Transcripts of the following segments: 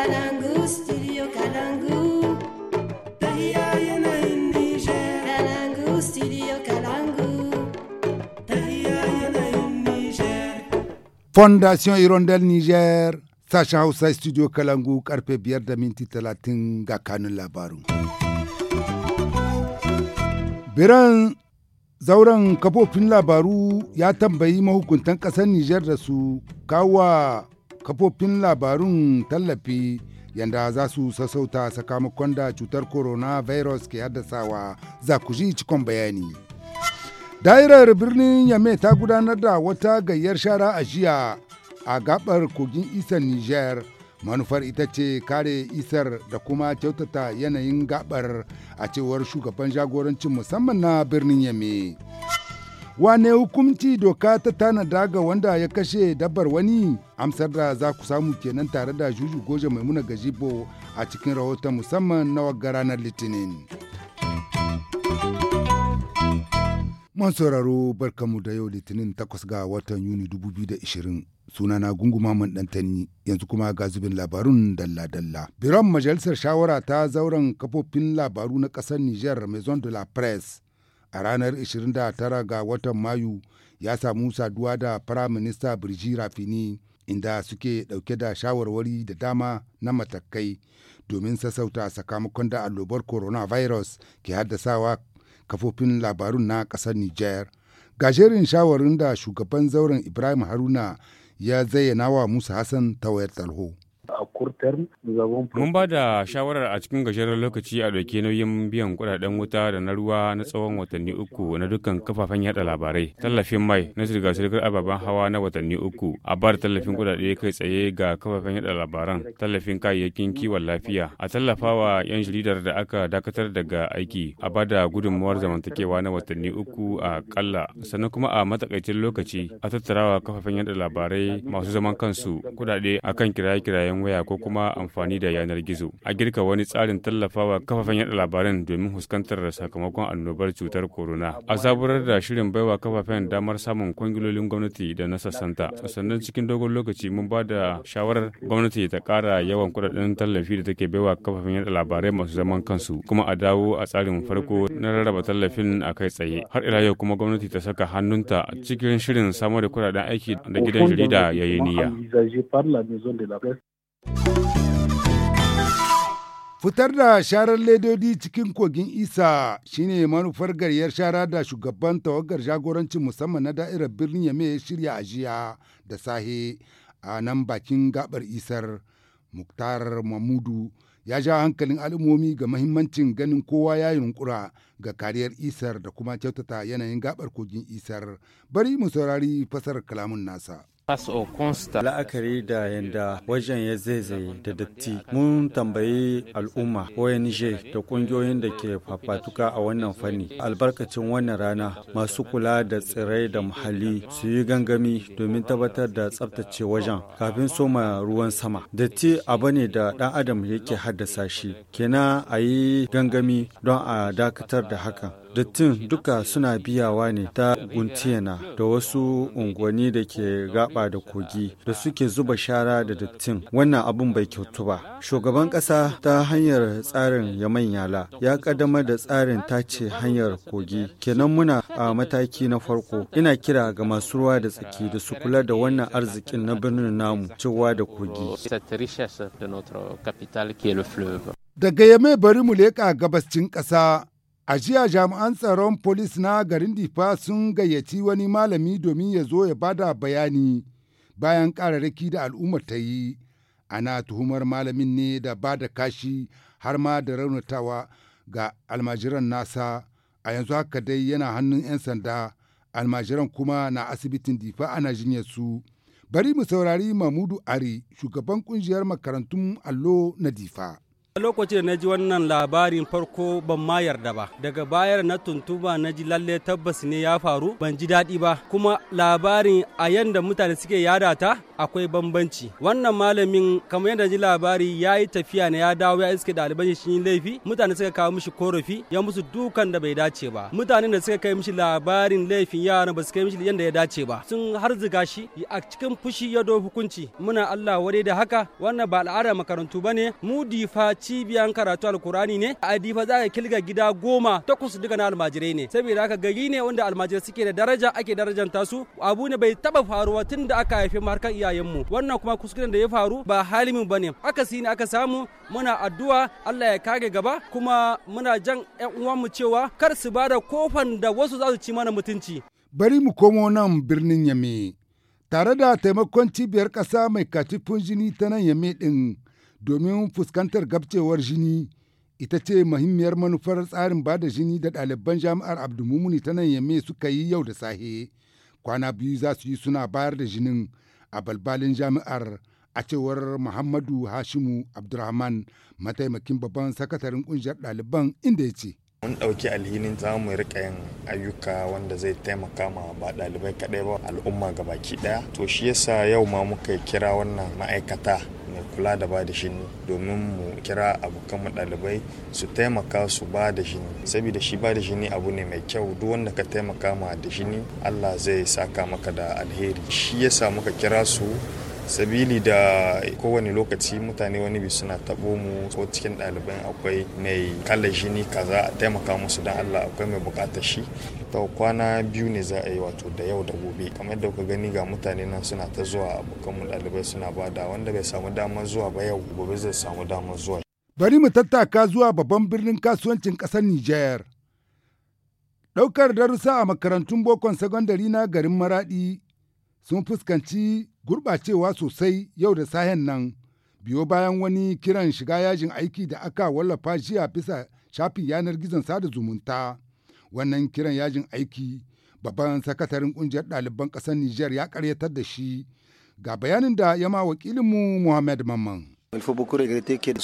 Kalangu, studio Kalangu. Fondation Hirondelle Niger. sacha Hausa Studio Kalangu karfe biyar da minti talatin ga kanun labaru Biran zauren kafofin labaru ya tambayi mahukuntan ƙasar Nijar da su kawa kafofin labarun tallafi yadda za su sassauta sakamakon da cutar coronavirus ke haddasawa za ku ji cikon bayani. Dairar birnin Yame ta gudanar da wata gayyar shara a jiya a gabar kogin isar Niger. Manufar ita ce kare isar da kuma kyautata yanayin gabar a cewar shugaban jagorancin musamman na birnin Yame. Wane hukumci doka ta tanada ga wanda ya kashe dabbar wani? Amsar da za ku samu kenan tare da Juju Goje Maimuna Gajibo a cikin rahoton musamman na waga ranar Litinin. Man sauraro barkamu da yau Litinin 8 ga watan Yuni 2020. sunana gunguma man ɗantani yanzu kuma ga zubin labarun dalla-dalla. Biron majalisar shawara ta zauren kafofin labaru na ƙasar Nijar Maison de la Presse a ranar 29 ga watan Mayu ya samu saduwa da Firaminista Birji Rafini inda suke ɗauke da shawarwari da dama na matakai domin sassauta sakamakon da allobar coronavirus ke haddasawa kafofin labarun na ƙasar Nijar. Gajerin shawarin da shugaban zauren Ibrahim Haruna ya zayyana wa Musa Hassan ta wayar Mun ba da shawarar a cikin gajeren lokaci a dauke nauyin biyan kudaden wuta da na ruwa na tsawon watanni uku na dukkan kafafen yada labarai. Tallafin mai na zirga-zirgar ababen hawa na watanni uku. A bar tallafin kudade kai tsaye ga kafafen yada labaran. Tallafin kayayyakin kiwon lafiya. A tallafawa 'yan jaridar da aka dakatar daga aiki. A ba da gudunmuwar zamantakewa na watanni uku a kalla. Sannan kuma a matakaicin lokaci a tattarawa kafafen yada labarai masu zaman kansu kudade akan kiraye-kirayen waya ko kuma kuma amfani da yanar gizo a girka wani tsarin tallafawa kafafen yada labaran domin fuskantar sakamakon annobar cutar corona a zaburar da shirin baiwa kafafen damar samun kwangilolin gwamnati da na sassanta sannan cikin dogon lokaci mun ba da shawarar gwamnati ta kara yawan kudaden tallafi da take baiwa kafafen yada labarai masu zaman kansu kuma a dawo a tsarin farko na rarraba tallafin a kai tsaye har ila yau kuma gwamnati ta saka hannunta cikin shirin samar da kudaden aiki da gidan jarida ya yi niyya Fitar da sharar ledodi cikin kogin Isa shine manufar gariyar shara da shugaban tawagar jagorancin musamman na da'irar birnin Yame ya shirya a da sahe a nan bakin gabar Isar. Muktar Mamudu ya ja hankalin al'ummomi ga mahimmancin ganin kowa ya yunkura ga kariyar Isar da kuma kyautata yanayin gabar kogin Isar. Bari mu saurari fasar kalamun nasa. la'akari da yadda wajen ya zaizaye da datti mun tambayi al'umma ONG da kungiyoyin da ke fafatuka a wannan fanni albarkacin wannan rana masu kula da tsirrai da muhalli su yi gangami domin tabbatar da tsabtace wajen kafin soma ruwan sama datti abu ne da dan adam yake haddasa shi kina a yi gangami don a dakatar da hakan dattin duka suna biyawa ne ta guntiyana da wasu unguwanni da ke gaba da kogi da suke zuba shara da dattin wannan abun bai kyautu ba shugaban ƙasa ta hanyar tsarin ya manyala ya ƙaddamar da tsarin tace hanyar kogi kenan muna a mataki na farko ina kira ga masu ruwa da tsaki da su kula da wannan arzikin na birnin namu cewa da kogi daga yame bari mu leƙa cin ƙasa A jiya jami'an tsaron polis na garin Difa sun gayyaci wani malami domin ya zo ya bada bayani bayan ƙararraki da al'ummar ta yi. Ana tuhumar malamin ne da ba da kashi har ma da raunatawa ga almajiran nasa a yanzu haka dai yana hannun 'yan sanda almajiran kuma na asibitin Difa ana jinyar su. Bari mu saurari Mamudu Ari, shugaban kungiyar makarantun allo na Difa. lokacin da na ji wannan labarin farko ban ma yarda ba daga bayar na tuntuba na ji lalle tabbas ne ya faru ban ji daɗi ba kuma labarin a yadda mutane suke yada ta akwai bambanci wannan malamin kamar yadda ji labari ya yi tafiya ne ya dawo ya iske ɗaliban shi yi laifi mutane suka kawo mishi korafi ya musu dukan da bai dace ba mutanen da suka kai mishi labarin laifin yaran ba su kai mishi yadda ya dace ba sun har ziga shi a cikin fushi ya do hukunci muna Allah wadai da haka wannan ba al'ada makarantu bane mu difa cibiyan karatu alkurani ne a adifa za ka kilga gida goma takwas duka na almajirai ne saboda haka gari ne wanda almajirai suke da daraja ake darajanta su abu ne bai taba faruwa tun da aka haifi iyayen iyayenmu wannan kuma kuskuren da ya faru ba halimin bane aka ne aka samu muna addu'a Allah ya kage gaba kuma muna jan yan uwanmu cewa kar su bada kofan da wasu za su ci mana mutunci bari mu komo nan birnin yame tare da taimakon cibiyar kasa mai katifin jini ta nan yame ɗin domin fuskantar gabcewar jini ita ce muhimmiyar manufar tsarin bada jini da ɗaliban jami'ar abdulmumuni ta nan yamme suka yi yau da sahe kwana biyu za su yi suna bayar da jinin a balbalin jami'ar a cewar muhammadu hashimu abdulrahman mataimakin babban sakataren ƙungiyar ɗaliban inda ya ce mun ɗauki alhinin za mu rika yin ayyuka wanda zai taimaka ma ba ɗalibai kaɗai ba al'umma ga baki ɗaya to shi yasa yau ma muka kira wannan ma'aikata mai kula da bada da shini domin mu kira abokan ɗalibai su taimaka su ba da shini saboda shi bada da shini abu ne mai kyau duk wanda ka taimaka ma da shini allah zai saka maka da alheri shi yasa muka kira su sabili da kowane lokaci mutane wani bi suna tabo mu ko cikin ɗaliban akwai mai kala jini kaza a taimaka musu don allah akwai mai bukatar shi ta kwana biyu ne za a yi wato da yau da gobe kamar da kuka gani ga mutane nan suna ta zuwa abokan mu ɗalibai suna da wanda bai samu damar zuwa ba yau gobe zai samu damar zuwa bari mu tattaka zuwa babban birnin kasuwancin ƙasar Nijar. Ɗaukar darussa a makarantun bokon sakandare na garin Maraɗi sun fuskanci gurɓacewa sosai yau da sahen nan biyo bayan wani kiran shiga yajin aiki da aka wallafa jiya bisa shafin yanar gizon sada zumunta wannan kiran yajin aiki babban sakataren ƙungiyar ɗaliban ƙasar Nijar ya karyatar da shi ga bayanin da ya yama wakilinmu Muhammad Mamman.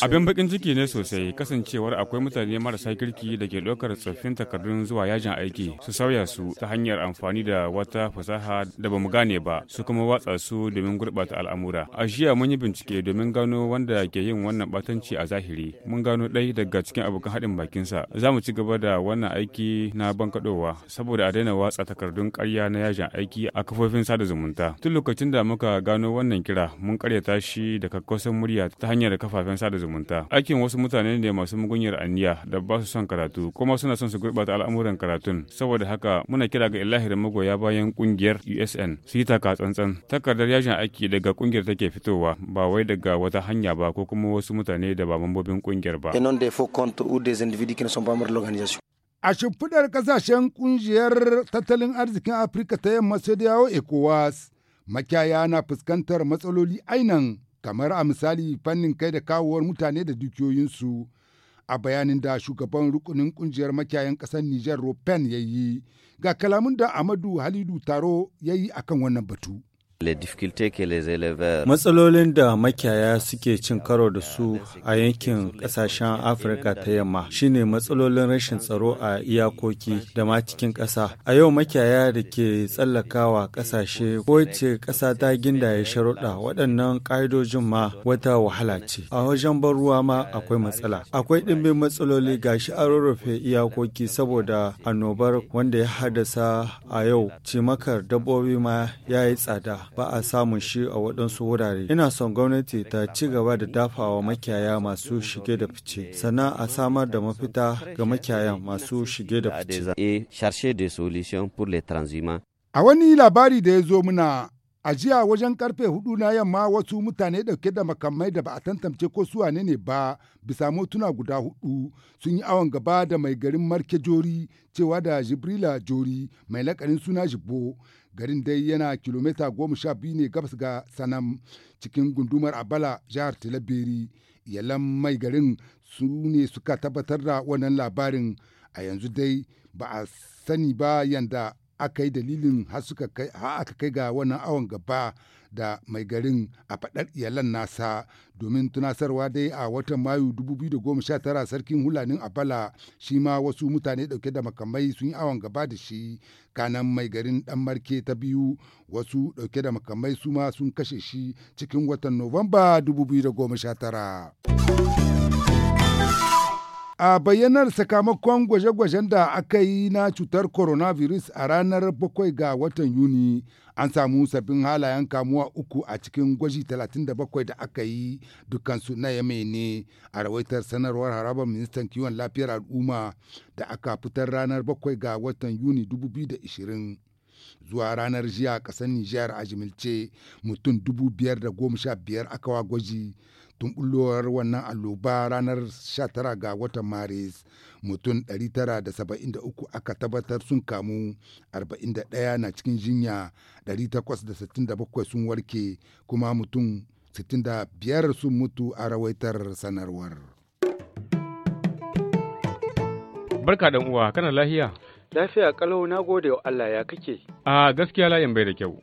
Abin bakin ciki ne sosai kasancewar akwai mutane marasa kirki da ke ɗaukar tsoffin takardun zuwa yajin aiki su sauya su ta hanyar amfani da wata fasaha da bamu gane ba su kuma watsa su domin gurɓata al'amura. A jiya mun yi bincike domin gano wanda ke yin wannan batanci a zahiri. Mun gano ɗai daga cikin abokan haɗin bakinsa. Za mu ci gaba da wannan aiki na bankaɗowa saboda a daina watsa takardun karya na yajin aiki a kafofin sada zumunta. Tun lokacin da muka gano wannan kira mun ƙaryata shi da kakkausan murya ta hanyar kafafen sada zumunta aikin wasu mutane ne masu mugunyar aniya da ba su son karatu kuma suna son su gurɓata al'amuran karatun saboda haka muna kira ga ilahirin magoya bayan kungiyar usn su yi taka tsantsan takardar yajin aiki daga kungiyar take fitowa ba wai daga wata hanya ba ko kuma wasu mutane da ba mambobin kungiyar ba a shimfiɗar kasashen ƙungiyar tattalin arzikin afirka ta yamma sai da yawo ecowas makiyaya na fuskantar matsaloli ainan kamar a misali fannin kai da kawowar mutane da dukiyoyinsu a bayanin da shugaban rukunin kungiyar makiyayan ƙasar niger Ropen ya yi ga kalamun da Amadu Halidu Taro ya yi akan wannan batu. Matsalolin da makiyaya suke cin karo da su a yankin ƙasashen Afirka ta yamma shine matsalolin rashin tsaro a iyakoki da ma cikin ƙasa. A yau makiyaya da ke tsallakawa ƙasashe ko ce ƙasa ta ginda ya sharuɗa waɗannan ƙa'idojin ma wata wahala ce. A wajen ban ruwa ma akwai matsala. Akwai ɗimbin matsaloli ga shi an rurrufe iyakoki saboda annobar wanda ya haddasa a yau cimakar dabbobi ma ya yi tsada. ba a samun shi a waɗansu wurare. Ina son gwamnati ta ci gaba da dafawa makiyaya masu shige da fice, sannan a samar da mafita ga makiyayan masu shige da fice. A wani labari da ya zo muna a jiya wajen karfe hudu na yamma wasu mutane dauke da makamai da ba a tantance ko su wane ne ba bisa motuna guda hudu sun yi awon gaba da mai garin marke jori cewa da jibrila jori mai lakarin suna jibbo garin dai yana kilomita goma sha biyu ne gabas ga sanam cikin gundumar abala jihar talabiri iyalan mai garin su ne suka tabbatar da wannan labarin a yanzu dai ba a sani ba yanda aka yi dalilin har suka kai aka kai ga wannan awon gaba da mai garin a faɗar iyalan nasa domin tunasarwa dai a watan mayu 2019 sarkin hulanin abala shi ma wasu mutane ɗauke da makamai sun yi awon gaba da shi kanan mai garin ɗan marke ta biyu wasu ɗauke da makamai su ma sun kashe shi cikin watan nuwamba 2019 A bayyanar sakamakon gwaje-gwajen da aka yi na cutar coronavirus a ranar 7 ga watan Yuni, an samu sabbin halayen kamuwa uku a cikin gwaji 37 da aka yi dukansu na yamai ne a rawaitar sanarwar harabar ministan kiwon lafiyar al'umma da aka fitar ranar 7 ga watan Yuni 2020. zuwa ranar jiya kasar Nijar a jimilce mutum biyar aka wa gwaji tun wannan alloba ranar 19 ga watan maris mutum 973 aka tabbatar sun kamu 41 na cikin jinya 867 sun warke kuma mutum 65 sun mutu a rawaitar sanarwar. Barka dan uwa kana lahiya? Lafiya kalau na gode wa Allah ya kake. A gaskiya layin bai da kyau.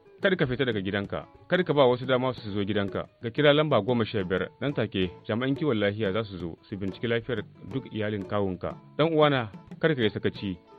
kada ka fita daga gidanka kada ka ba wasu dama su zo gidanka ga kira lamba goma sha biyar nan take jami'an kiwon lafiya za su zo su binciki lafiyar duk iyalin kawunka dan uwana kada ka yi sakaci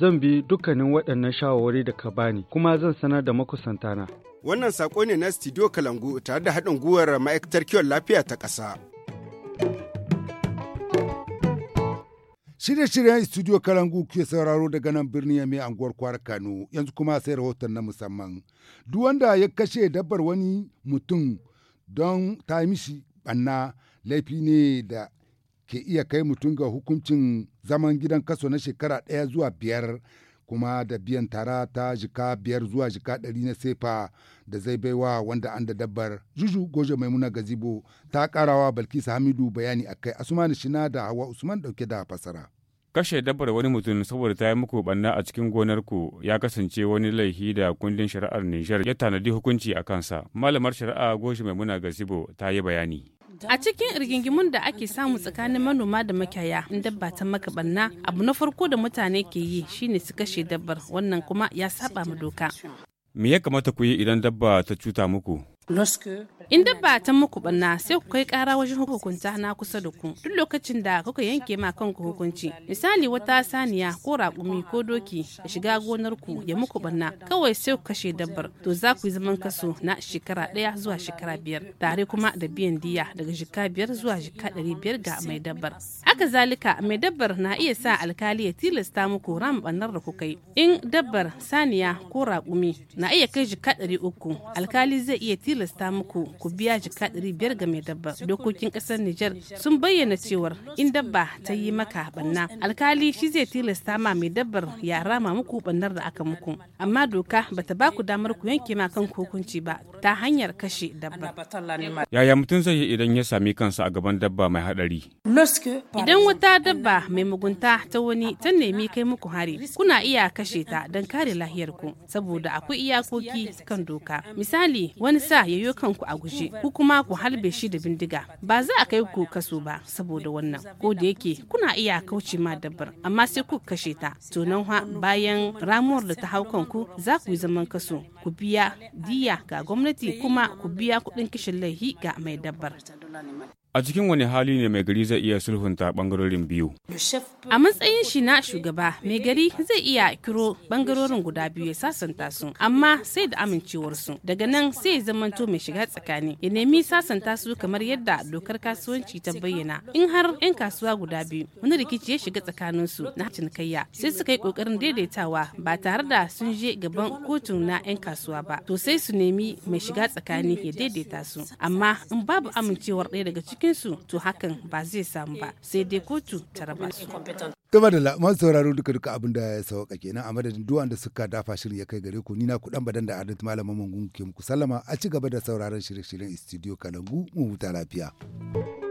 zan bi dukkanin waɗannan shawarwari da ka bani kuma zan sanar da makusantana. Wannan saƙo ne na Studio Kalangu tare da haɗin gwiwar ma'aikatar kiwon lafiya ta ƙasa. Shirye-shiryen Studio Kalangu ke sauraro daga nan birni mai anguwar kwara Kano yanzu kuma sai rahoton na musamman. Duk wanda ya kashe dabbar wani mutum don ta mishi ɓanna laifi ne da ke iya kai mutum ga hukuncin zaman gidan kaso na shekara ɗaya zuwa biyar kuma da biyan tara ta jika biyar zuwa jika ɗari na sefa da zai baiwa wanda an da dabbar juju goje maimuna gazibo ta karawa balkisa hamidu bayani akai asumani shina da hawa usman ɗauke da fasara kashe dabbar wani mutum saboda ta yi muku banna a cikin gonar ku ya kasance wani laifi da kundin shari'ar Nijar ya tanadi hukunci a kansa. Malamar shari'a goje Maimuna gazibo ta yi bayani. A cikin rigingimun da ake samu tsakanin manoma da makiyaya in dabba ta maka abu na farko da mutane ke yi shine su kashe dabbar wannan kuma ya saba mu doka. Me ya kamata ku yi idan dabba ta cuta muku? In dabba ta muku banna sai ku kai kara wajen hukunta na kusa da ku duk lokacin da kuka yanke ma kanku hukunci. Misali wata saniya ko raƙumi ko doki da shiga gonar ku ya muku banna kawai sai ku kashe dabbar to za ku yi zaman kaso na shekara ɗaya zuwa shekara biyar tare kuma da biyan diya daga shekara biyar zuwa shekara ɗari biyar ga mai dabbar. Haka zalika mai dabbar na iya sa alkali ya tilasta muku ram bannar da kuka yi. In dabbar saniya ko raƙumi na iya kai shekara ɗari uku alkali zai iya tilasta tilasta muku ku biya jika ɗari biyar ga mai dabba dokokin ƙasar Nijar sun bayyana cewar in dabba ta yi maka banna alkali shi zai tilasta ma mai dabbar ya rama muku bannar da aka muku amma doka bata ba ku damar ku yanke ma kan hukunci ba ta hanyar kashe dabba. Yaya mutum zai yi idan ya sami kansa a gaban dabba mai haɗari? Idan wata dabba mai mugunta ta wani ta nemi kai muku hari kuna iya kashe ta don kare lahiyarku saboda akwai iyakoki kan doka misali wani sa yayyo kanku a guje ku kuma ku halbe shi da bindiga ba za a kai ku kaso ba saboda wannan ko da yake kuna iya kauce ma dabbar amma sai ku kashe ta to nan bayan ramuwar da ta hau kanku za ku yi zaman kaso ku biya diya ga gwamnati kuma ku biya kuɗin kishin laihi ga mai dabbar A cikin wani hali ne mai gari zai iya sulhunta bangarorin biyu? A matsayin shi na shugaba, mai gari zai iya kiro bangarorin guda biyu ya sasanta su, amma sai da amincewarsu. Daga nan sai ya zamanto mai shiga tsakani, ya nemi sasanta su kamar yadda dokar kasuwanci ta bayyana. In har 'yan kasuwa guda biyu, wani rikici ya shiga tsakaninsu na cinikayya, sai suka yi kokarin daidaitawa ba tare da sun je gaban kotun na 'yan kasuwa ba. To sai su nemi mai shiga tsakani ya daidaita su, amma in babu amincewar ɗaya daga cikin cikinsu to hakan ba zai samu ba sai dai kotu ta raba su. Gaba da masu sauraro duka duka abin da ya sauka kenan a madadin duwan da suka dafa shirin ya kai gare ku nina na dan badan da Adit Malamin Mangun ke muku sallama a ci gaba da sauraron shirye-shiryen Studio Kalangu mu huta lafiya.